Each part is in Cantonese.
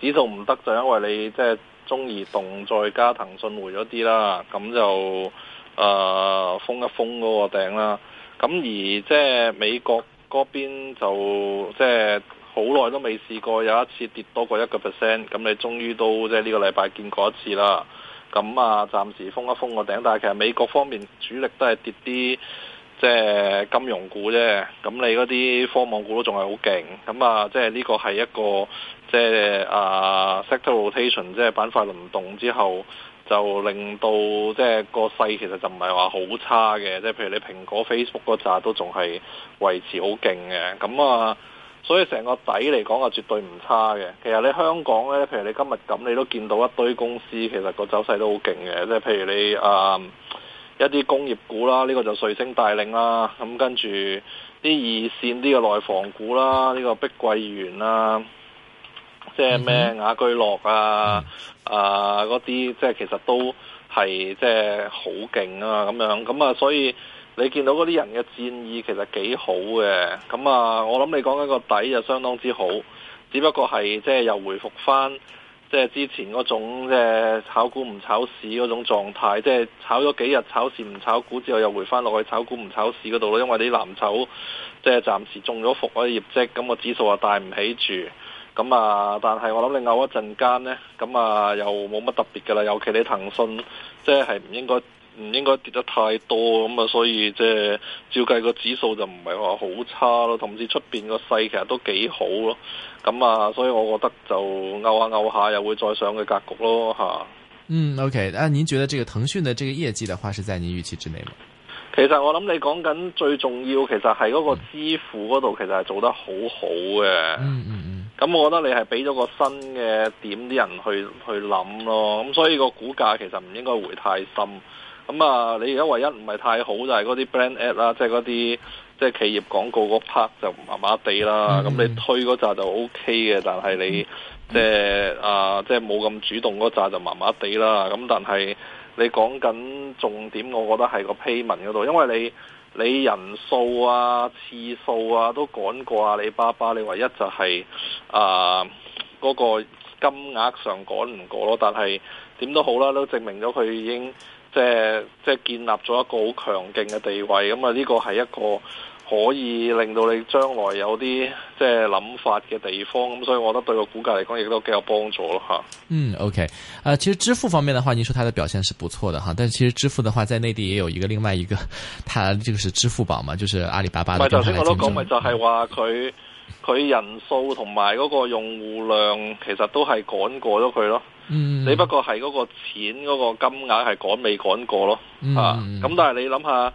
指數唔得就因為你即係中移動再加騰訊回咗啲啦，咁就誒、呃、封一封嗰個頂啦。咁而即係美國嗰邊就即係好耐都未試過有一次跌多過一個 percent，咁你終於都即係呢個禮拜見過一次啦。咁啊，暫時封一封個頂，但係其實美國方面主力都係跌啲即係金融股啫。咁你嗰啲科網股都仲係好勁。咁啊，即係呢個係一個。即係啊，sector rotation 即係板塊輪動之後，就令到即係個勢其實就唔係話好差嘅。即係譬如你蘋果、Facebook 嗰扎都仲係維持好勁嘅。咁啊，所以成個底嚟講啊，絕對唔差嘅。其實你香港咧，譬如你今日咁，你都見到一堆公司其實個走勢都好勁嘅。即係譬如你啊，一啲工業股啦，呢個就瑞星帶領啦，咁跟住啲二線啲嘅內房股啦，呢個碧桂園啦。即係咩雅居樂啊、mm hmm. 啊嗰啲，即係其實都係即係好勁啊咁樣，咁啊所以你見到嗰啲人嘅戰意其實幾好嘅，咁啊我諗你講緊個底就相當之好，只不過係即係又回復翻即係之前嗰種即係、就是、炒股唔炒市嗰種狀態，即、就、係、是、炒咗幾日炒市唔炒股之後又回翻落去炒股唔炒市嗰度咯，因為啲藍籌，即、就、係、是、暫時中咗伏啊業績，咁、那個指數啊帶唔起住。咁啊！但係我諗你拗一陣間呢，咁啊又冇乜特別噶啦。尤其你騰訊，即係唔應該唔應該跌得太多咁啊！所以即係照計個指數就唔係話好差咯。同時出面個勢其實都幾好咯。咁啊，所以我覺得就拗下拗下又會再上嘅格局咯吓？嗯，OK。啊，您覺得呢個騰訊嘅呢個業績嘅話，係在您預期之內嗎？其實我諗你講緊最重要，其實係嗰個支付嗰度，其實係做得好好嘅、嗯。嗯嗯。咁我覺得你係俾咗個新嘅點，啲人去去諗咯。咁所以個股價其實唔應該回太深。咁啊，你而家唯一唔係太好就係嗰啲 brand ad 啦，即係嗰啲即係企業廣告嗰 part 就麻麻地啦。咁、嗯嗯、你推嗰扎就 OK 嘅，但係你即係啊，即係冇咁主動嗰扎就麻麻地啦。咁但係你講緊重點，我覺得係個 payment 嗰度，因為你。你人數啊、次數啊都趕過阿里巴巴，你唯一就係啊嗰個金額上趕唔過咯。但係點都好啦，都證明咗佢已經即係即係建立咗一個好強勁嘅地位。咁啊，呢個係一個。可以令到你將來有啲即係諗法嘅地方咁，所以我覺得對個股價嚟講，亦都幾有幫助咯吓。嗯，OK。誒、呃，其實支付方面的話，你說它的表現是不錯的哈。但其實支付的話，在內地也有一個另外一個，它就、這個、是支付寶嘛，就是阿里巴巴嘅平台嚟競爭。唔係，頭先我都講咪就係話佢佢，人數同埋嗰個用戶量，其實都係趕過咗佢咯。嗯。你不過係嗰個錢嗰、那個金額係趕未趕過咯。嗯。咁、啊、但係你諗下。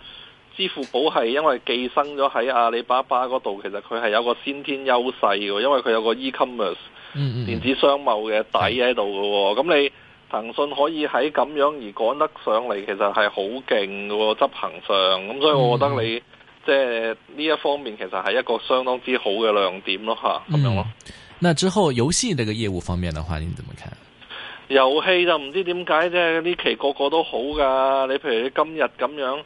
支付寶係因為寄生咗喺阿里巴巴嗰度，其實佢係有個先天優勢嘅，因為佢有個 e-commerce 電子商貿嘅底喺度嘅。咁、嗯嗯、你騰訊可以喺咁樣而趕得上嚟，其實係好勁㗎，執行上。咁所以我覺得你、嗯、即係呢一方面其實係一個相當之好嘅亮點咯吓，咁、嗯、樣咯。那之後遊戲呢個業務方面嘅話你點睇，你點睇？遊戲就唔知點解啫，呢期個個都好噶。你譬如你今日咁樣。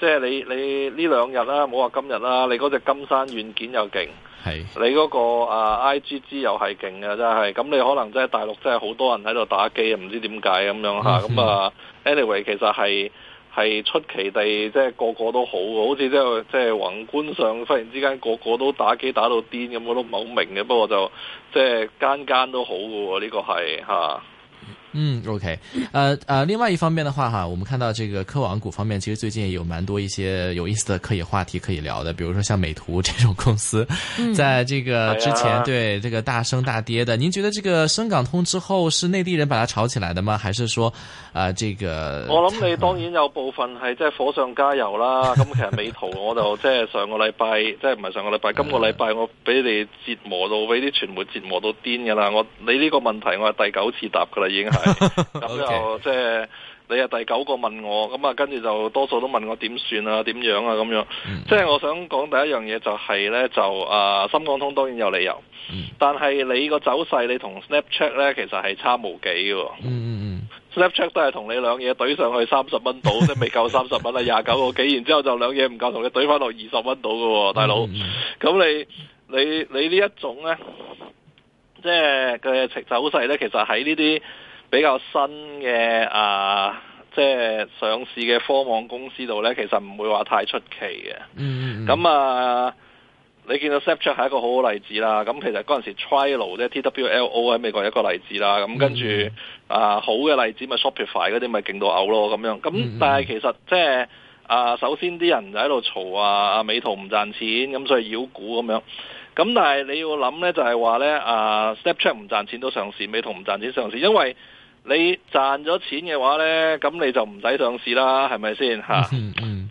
即係你你呢兩日啦、啊，冇話今日啦、啊，你嗰隻金山軟件又勁，係是你嗰，那個啊 IGG 又係勁嘅真係，咁你可能真係大陸真係好多人喺度打機的啊，唔知點解咁樣吓，咁啊 anyway 其實係係出奇地即係，就是，個個都好，好似即係即係宏觀上忽然之間個個都打機打到癲咁，我，那個，都唔係好明嘅，不過就即係，就是，間間都好嘅喎，呢，這個係吓。啊嗯，OK，呃呃另外一方面的話哈，我們看到這個科網股方面，其實最近有蠻多一些有意思的可以話題可以聊的，比如說像美圖這種公司，嗯、在這個之前、啊、對這個大升大跌的，您覺得這個深港通之後是內地人把它炒起來的嗎？還是說啊、呃，這個我諗你當然有部分係即係火上加油啦，咁 其實美圖我就即係上個禮拜 即係唔係上個禮拜，今個禮拜我俾你折磨到俾啲傳媒折磨到癲㗎啦，我你呢個問題我係第九次答㗎啦已經係。咁就即係你係第九個問我，咁啊，跟住就多數都問我點算啊，點樣啊咁樣。Mm. 即係我想講第一樣嘢就係、是、呢，就啊、呃、深港通當然有理由，mm. 但係你個走勢你同 Snapchat 呢其實係差無幾嘅。Mm. Snapchat 都係同你兩嘢懟上去三十蚊到，即係 未夠三十蚊啦，廿九個幾，然之後就兩嘢唔夠，同你懟翻落二十蚊到嘅，大佬。咁、mm. 你你你呢一種呢，即係佢嘅走勢呢，其實喺呢啲。比較新嘅啊，即係上市嘅科網公司度呢，其實唔會話太出奇嘅。嗯、mm，咁、hmm. 啊，你見到 Snapchat、mm hmm. 係一個好好例子啦。咁其實嗰陣時 Twilio 咧，TWLO 喺美國一個例子啦。咁、mm hmm. 跟住啊，好嘅例子咪 Shopify 嗰啲咪勁到嘔咯咁樣。咁但係其實即係啊，首先啲人就喺度嘈啊，美圖唔賺錢，咁所以妖股咁樣。咁但係你要諗呢，就係、是、話呢啊，Snapchat 唔賺錢都上市，美圖唔賺錢上市，因為你賺咗錢嘅話呢，咁你就唔使上市啦，係咪先吓？即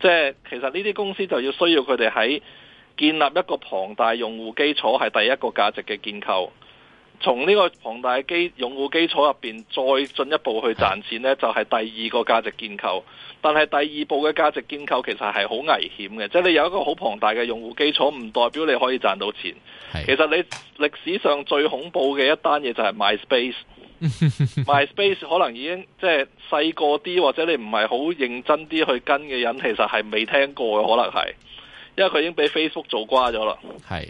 係、 啊就是、其實呢啲公司就要需要佢哋喺建立一個龐大用戶基礎係第一個價值嘅建構，從呢個龐大嘅基用戶基礎入邊再進一步去賺錢呢，就係、是、第二個價值建構。但係第二步嘅價值建構其實係好危險嘅，即、就、係、是、你有一個好龐大嘅用戶基礎唔代表你可以賺到錢。 其實你歷史上最恐怖嘅一單嘢，就係 MySpace。 MySpace 可能已經即係細個啲，或者你唔係好認真啲去跟嘅人，其實係未聽過嘅，可能係，因為佢已經俾 Facebook 做瓜咗啦。係，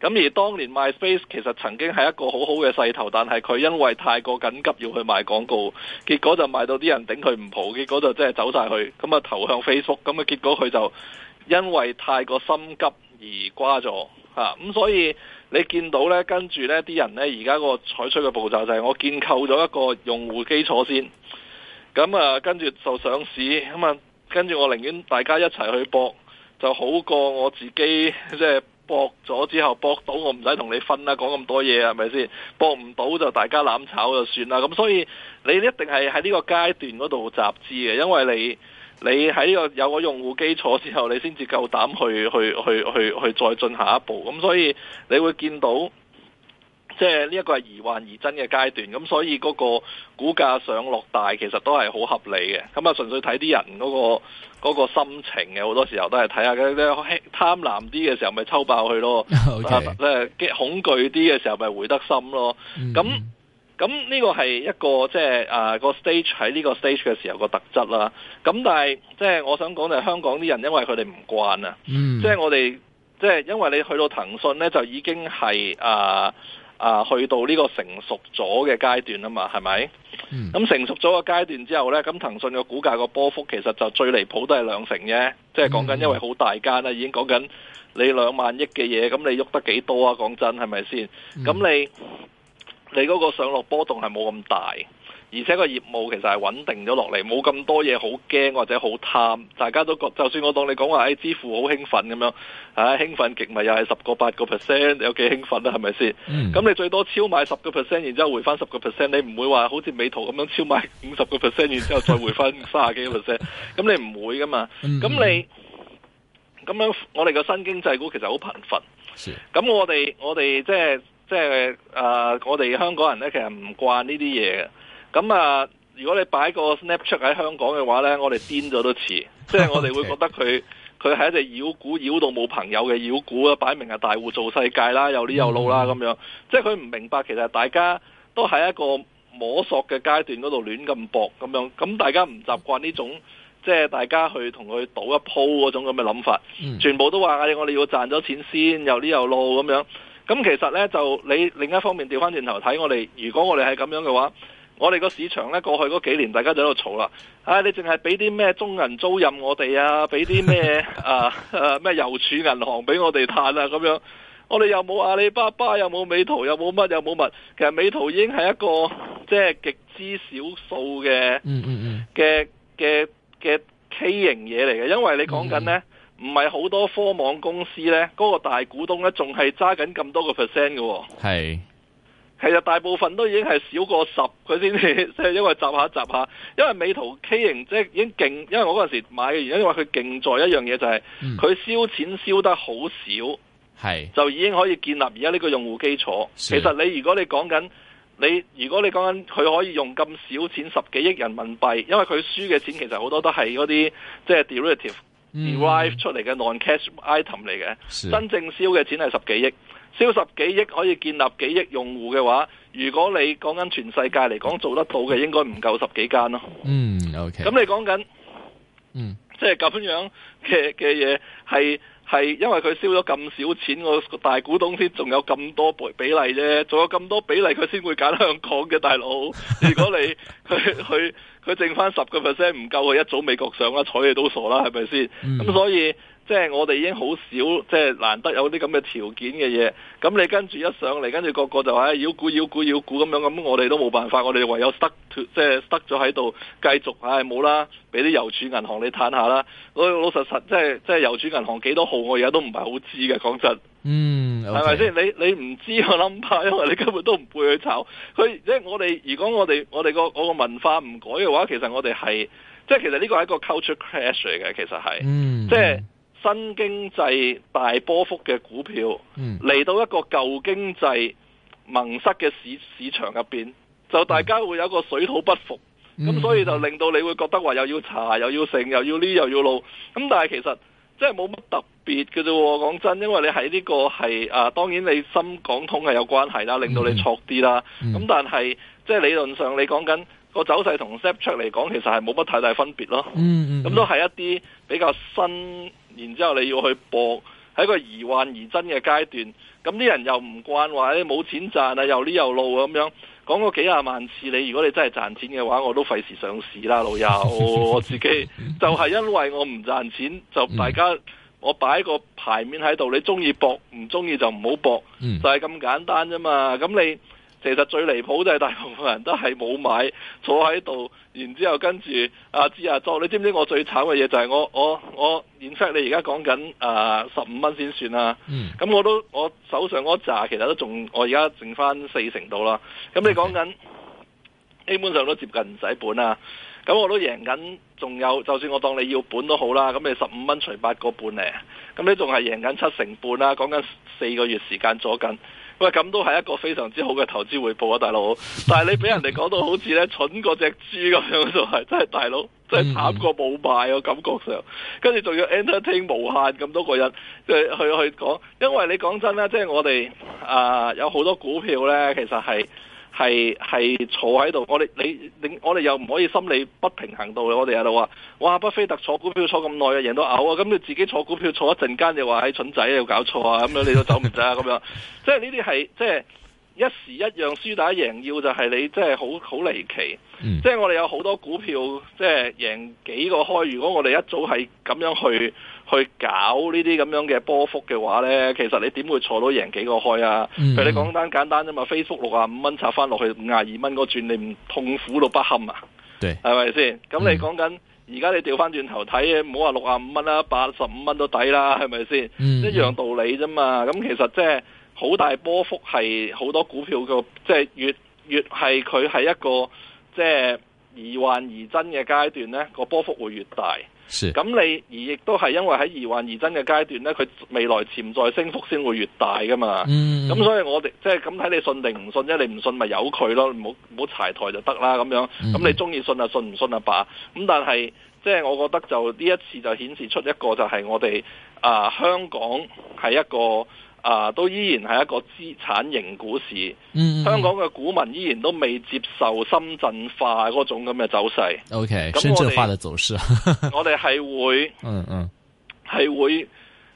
咁而當年 MySpace 其實曾經係一個好好嘅勢頭，但係佢因為太過緊急要去賣廣告，結果就賣到啲人頂佢唔浦，結果就即係走晒去，咁啊投向 Facebook，咁啊結果佢就因為太過心急而瓜咗，吓、啊、咁、嗯、所以。你見到呢，跟住呢啲人呢，而家個採取嘅步驟就係我建構咗一個用戶基礎先，咁啊，跟住就上市咁啊，跟住我寧願大家一齊去博，就好過我自己即係博咗之後博到我唔使同你分啦，講咁多嘢係咪先？博唔到就大家攬炒就算啦。咁所以你一定係喺呢個階段嗰度集資嘅，因為你。你喺呢個有個用戶基礎之後，你先至夠膽去去去去去，去再進下一步。咁所以你會見到，即係呢一個係疑幻疑真嘅階段。咁所以嗰個股價上落大，其實都係好合理嘅。咁啊、那個，純粹睇啲人嗰個嗰個心情嘅，好多時候都係睇下佢哋貪婪啲嘅時候，咪抽爆佢咯。Okay. 恐懼啲嘅時候，咪回得深咯。咁。Mm hmm. 咁呢、嗯嗯、個係一個即係啊個 stage 喺呢個 stage 嘅時候個特質啦。咁但係即係我想講就係香港啲人因為佢哋唔慣啊。即係、嗯、我哋即係因為你去到騰訊咧就已經係啊啊去到呢個成熟咗嘅階段吖嘛，係咪？咁、嗯、成熟咗個階段之後咧，咁騰訊嘅股價個波幅其實就最離譜都係兩成啫。即係講緊因為好大間啦，嗯、已經講緊你兩萬億嘅嘢，咁你喐得幾多啊？講真係咪先？咁、嗯、你。你嗰個上落波動係冇咁大，而且個業務其實係穩定咗落嚟，冇咁多嘢好驚或者好貪，大家都覺就算我當你講話，誒支付好興奮咁樣，嚇、啊、興奮極咪又係十個八個 percent，有幾興奮啊？係咪先？咁、嗯、你最多超買十個 percent，然之後回翻十個 percent，你唔會話好似美圖咁樣超買五十個 percent，然之後再回翻三十幾個 percent，咁你唔會噶嘛？咁、嗯、你咁樣，我哋個新經濟股其實好貧乏。咁是我哋我哋即係。即係啊、呃！我哋香港人咧，其實唔慣呢啲嘢嘅。咁啊、呃，如果你擺個 Snapchat 喺香港嘅話咧，我哋癲咗都遲。 即係我哋會覺得佢佢係一隻妖股，妖到冇朋友嘅妖股啊！擺明係大戶做世界啦，又呢又路啦咁樣。嗯、即係佢唔明白，其實大家都喺一個摸索嘅階段嗰度亂咁搏咁樣。咁大家唔習慣呢種、嗯、即係大家去同佢賭一鋪嗰種咁嘅諗法，嗯、全部都話我哋要賺咗錢先，又呢又路咁樣。咁其實呢，就你另一方面調翻轉頭睇，我哋如果我哋係咁樣嘅話，我哋個市場呢，過去嗰幾年，大家就喺度嘈啦。啊，你淨係俾啲咩中銀租賃我哋啊，俾啲咩啊咩郵儲銀行俾我哋嘆啊咁樣。我哋又冇阿里巴巴，又冇美圖，又冇乜，又冇乜。其實美圖已經係一個即係極之少數嘅，嗯嗯嗯，嘅嘅嘅畸形嘢嚟嘅。因為你講緊呢。 唔係好多科網公司呢，嗰、嗰個大股東呢，仲係揸緊咁多個 percent 嘅。係、哦，是其實大部分都已經係少過十，佢先即係因為集下集下，因為美圖 K 型即係已經勁，因為我嗰陣時候買嘅原因，因為佢勁在一樣嘢就係、是，佢燒、嗯、錢燒得好少，係是就已經可以建立而家呢個用戶基礎。是其實你如果你講緊你，如果你講緊佢可以用咁少錢十幾億人民幣，因為佢輸嘅錢其實好多都係嗰啲即係 derivative。revive、嗯、出嚟嘅 non-cash item 嚟嘅，是真正燒嘅錢係十幾億，燒十幾億可以建立幾億用戶嘅話，如果你講緊全世界嚟講，做得到嘅，應該唔夠十幾間咯。嗯，OK。咁你講緊，嗯，okay, 嗯即係咁樣嘅嘅嘢係。係因為佢燒咗咁少錢，我大股東先仲有咁多倍比例啫，仲有咁多比例佢先會揀香港嘅大佬。如果你佢佢佢剩翻十個 percent 唔夠，佢一早美國上啦，睬你都傻啦，係咪先？咁、嗯、所以。即係我哋已經好少，即係難得有啲咁嘅條件嘅嘢。咁你跟住一上嚟，跟住個個就話妖股、妖股、妖股咁樣。咁我哋都冇辦法，我哋唯有得即係得咗喺度，繼續唉冇啦。俾啲郵儲銀行你嘆下啦。老老實實，即係即係郵儲銀行幾多號我，我而家都唔係好知嘅。講真，嗯，係咪先？你你唔知個 number，因為你根本都唔會去炒。佢即係我哋，如果我哋我哋、個、個文化唔改嘅話，其實我哋係即係其實呢個係一個 culture crash 嚟嘅。其實係，嗯、即係。新經濟大波幅嘅股票嚟、嗯、到一個舊經濟矇塞嘅市市場入邊，就大家會有一個水土不服，咁、嗯、所以就令到你會覺得話又要查又要剩又要呢又要路。咁但係其實即係冇乜特別嘅啫。講真，因為你喺呢個係啊，當然你深港通係有關係啦，令到你錯啲啦。咁、嗯嗯、但係即係理論上你講緊、個走勢同 set up 嚟講，其實係冇乜太大分別咯。咁、嗯嗯、都係一啲比較新。然之後你要去博，喺個疑幻疑真嘅階段，咁啲人又唔慣話你冇錢賺啊，又呢又路咁樣，講個幾廿萬次你，如果你真係賺錢嘅話，我都費時上市啦老友，我自己 就係因為我唔賺錢，就大家、嗯、我擺個牌面喺度，你中意博唔中意就唔好博，就係咁、嗯、簡單啫嘛，咁你。其實最離譜就係大部分人都係冇買，坐喺度，然之後跟住阿、啊、知啊莊，你知唔知我最慘嘅嘢就係我我我認識你而家講緊啊十五蚊先算啦，咁我都我手上嗰扎其實都仲我而家剩翻四成度啦，咁你講緊基本上都接近唔使本啊，咁我都贏緊，仲有就算我當你要本都好啦，咁你十五蚊除八個半咧，咁你仲係贏緊七成半啦、啊，講緊四個月時間咗緊。喂，咁都係一個非常之好嘅投資回報啊，大佬！但係你俾人哋講到好似咧蠢過隻豬咁樣，就係真係大佬，真係慘過冇賣嘅、啊嗯嗯、感覺上，跟住仲要 entertain 無限咁多個人去去去講，因為你講真啦，即、就、係、是、我哋、呃、有好多股票咧，其實係。係係坐喺度，我哋你你我哋又唔可以心理不平衡到嘅，我哋喺度話，哇，巴菲特坐股票坐咁耐啊，贏到嘔啊，咁你自己坐股票坐一陣間就話係蠢仔又搞錯啊，咁樣你都走唔得啊，咁 樣，即係呢啲係即係一時一樣輸打贏要就係你即係好好離奇，嗯、即係我哋有好多股票即係贏幾個開，如果我哋一早係咁樣去。去搞呢啲咁樣嘅波幅嘅話呢，其實你點會坐到贏幾個開啊？譬、嗯、如你講單簡單啫嘛，Facebook 六十五蚊插翻落去五十二蚊個轉，轉你唔痛苦到不堪啊？對，係咪先？咁、嗯、你講緊而家你調翻轉頭睇，唔好話六十五蚊啦，八十五蚊都抵啦，係咪先？一、嗯、樣道理啫嘛。咁其實即係好大波幅，係好多股票個即係越越係佢係一個即係。就是疑幻疑真嘅階段呢，個波幅會越大，咁是你而亦都係因為喺疑幻疑真嘅階段呢，佢未來潛在升幅先會越大㗎嘛，咁、嗯、所以我哋即係咁睇你信定唔信，啫？你唔信咪由佢咯，唔好唔好柴台就得啦咁樣。咁、嗯、你中意信就信，信，唔信就罷，咁但係即係我覺得就呢一次就顯示出一個就係我哋啊、呃、香港係一個。啊，都依然係一個資產型股市。嗯，香港嘅股民依然都未接受深圳化嗰種咁嘅走勢。O Okay , K，咁我哋深圳化嘅走勢 我哋係會，嗯嗯，係會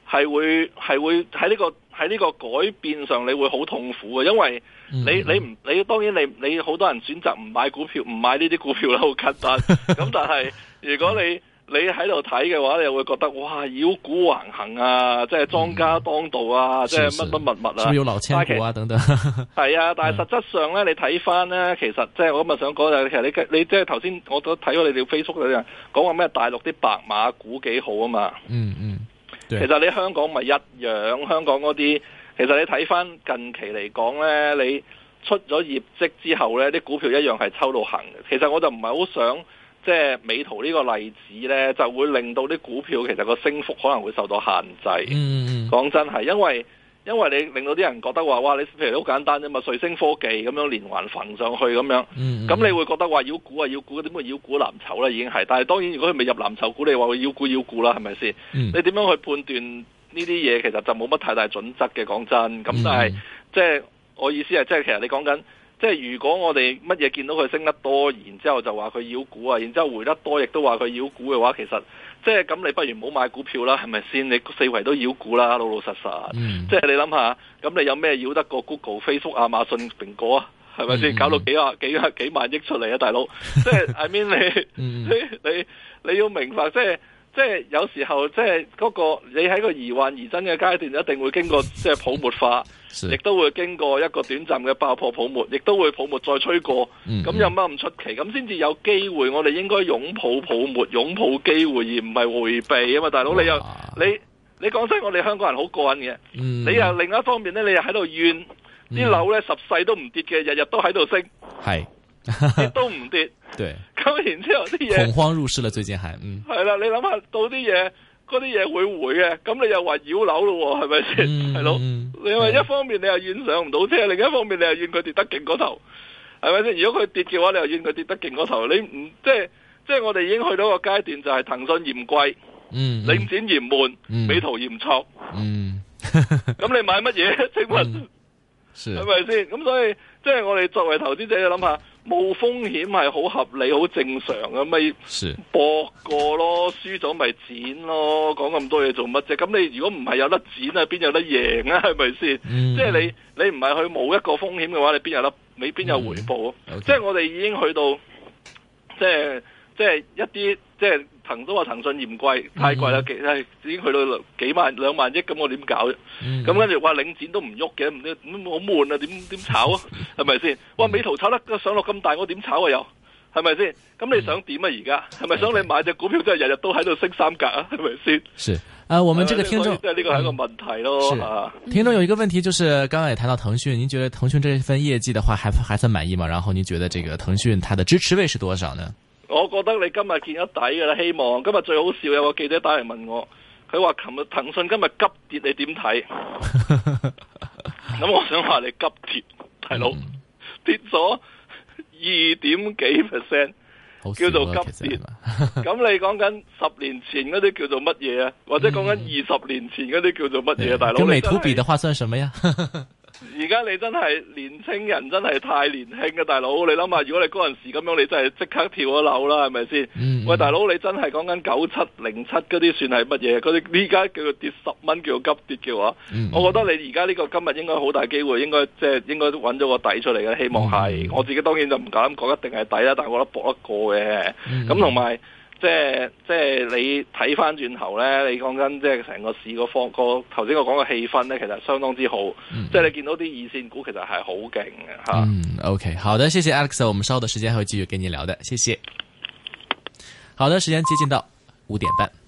係會係會喺呢、呢個喺呢個改變上你會好痛苦嘅，因為你、嗯、你唔你，你，當然你你好多人選擇唔買股票，唔買呢啲股票啦，好簡單。咁但係，如果你你喺度睇嘅話，你會覺得哇，妖股橫行啊，即係莊家當道啊，嗯、即係乜乜物物啊，老千啊等等。係啊，但係實質上咧，嗯、你睇翻，咧其實即係我今日想講係，其實你你即係頭先我都睇過你條 Facebook 嗰樣，講講話咩，大陸啲白馬股幾好啊嘛。嗯嗯，嗯其實你香港咪一樣，香港嗰啲，其實你睇翻近期嚟講咧，你出咗業績之後咧，啲股票一樣係抽到行嘅。其實我就唔係好想。即係美圖呢個例子呢，就會令到啲股票其實個升幅可能會受到限制。講、mm hmm. 真係，因為因為你令到啲人覺得話，哇！你譬如好簡單啫嘛，瑞星科技咁樣連環騰上去咁樣，咁、mm hmm. 你會覺得話妖股啊，妖股，點會妖股藍籌咧已經係。但係當然，如果佢未入藍籌股，你話會妖股妖股啦，係咪先？你點樣去判斷呢啲嘢其實就冇乜太大準則嘅。講真，咁但係、mm hmm. 即係我意思係即係其實你講緊。即係如果我哋乜嘢見到佢升得多，然之後就話佢妖股啊，然之後回得多，亦都話佢妖股嘅話，其實即係咁，你不如唔好買股票啦，係咪先？你四圍都妖股啦，老老實實啊。即係、嗯、你諗下，咁你有咩繞得過 Google、Facebook 啊、亞馬遜、蘋果啊？係咪先？嗯、搞到幾啊幾啊幾萬億出嚟啊，大佬！即係、 就是、I mean 你、嗯、你你，你要明白即係。就是即係有時候，即係、那、嗰個你喺個疑幻疑真嘅階段，一定會經過即係泡沫化，亦 是都會經過一個短暫嘅爆破泡沫，亦都會泡沫再吹過。咁有乜唔出奇？咁先至有機會，我哋應該擁抱泡沫，擁抱機會，而唔係回避啊嘛！大佬哇，你又你你講真，我哋香港人好過癮嘅。嗯、你又另一方面咧，你又喺度怨啲樓咧十世都唔跌嘅，日日都喺度升，係跌是 都唔跌。對，咁然之後啲嘢，恐慌入市啦，最近係，嗯，係啦，你諗下到啲嘢，嗰啲嘢會回嘅，咁你又話繞樓咯，係咪先？係咯，因為一方面你又怨上唔到車，另一方面你又怨佢跌得勁嗰頭，係咪先？如果佢跌嘅話，你又怨佢跌得勁嗰頭，你唔即係即係我哋已經去到一個階段，就係騰訊嫌貴，嗯，領展嫌悶，美圖嫌挫，嗯，咁你買乜嘢，請問，係咪先？咁所以即係我哋作為投資者你諗下。冇風險係好合理、好正常嘅，咪博過咯，是輸咗咪剪咯，講咁多嘢做乜啫？咁你如果唔係有得剪啊，邊有得贏啊？係咪先？嗯、即係你你唔係去冇一個風險嘅話，你邊有得你邊有回報啊？嗯 okay. 即係我哋已經去到即係即係一啲。即係騰都話騰訊嫌貴太貴啦，其實、嗯、已經去到兩幾萬兩萬億，咁我點搞啫？咁跟住話領展都唔喐嘅，唔都好悶啊！點點炒啊？係咪先？哇！美圖炒得上落咁大，我點炒啊又？又係咪先？咁、嗯、你想點啊？而家係咪想你買隻股票真係日日都喺度升三格啊？係咪先？是，啊、呃，我們呢個聽眾，即係呢個係一個問題咯。聽眾、嗯、有一個問題，就是剛剛也談到騰訊，您、嗯、覺得騰訊這份業績的話還，還還算滿意嘛？然後您覺得這個騰訊它的支持位是多少呢？我覺得你今日見得底噶啦，希望今日最好笑有個記者打嚟問我，佢話琴日騰訊今日急跌，你點睇？咁 我想話你急跌，大佬、嗯、跌咗二點幾 percent，、啊、叫做急跌。咁 你講緊十年前嗰啲叫做乜嘢啊？或者講緊二十年前嗰啲叫做乜嘢 大佬，你真係美圖比嘅話算什麼呀、啊 而家你真係年青人，真係太年輕嘅大佬，你諗下，如果你嗰陣時咁樣，你真係即刻跳咗樓啦，係咪先？嗯嗯喂，大佬，你真係講緊九七零七嗰啲，算係乜嘢？佢哋依家叫做跌十蚊，叫做急跌嘅話，嗯嗯我覺得你而家呢個今日應該好大機會，應該即係應該都揾咗個底出嚟嘅，希望係。哦、我自己當然就唔敢講一定係底啦，但係我覺得搏得過嘅。咁同埋。即係即係你睇翻轉頭咧，你講緊即係成個市個方個頭先我講嘅氣氛咧，其實相當之好。嗯、即係你見到啲二線股其實係好勁嘅吓。嗯、o、okay, k 好的，謝謝 Alex，我們稍後嘅時間會繼續跟你聊的，謝謝。好的，時間接近到五點半。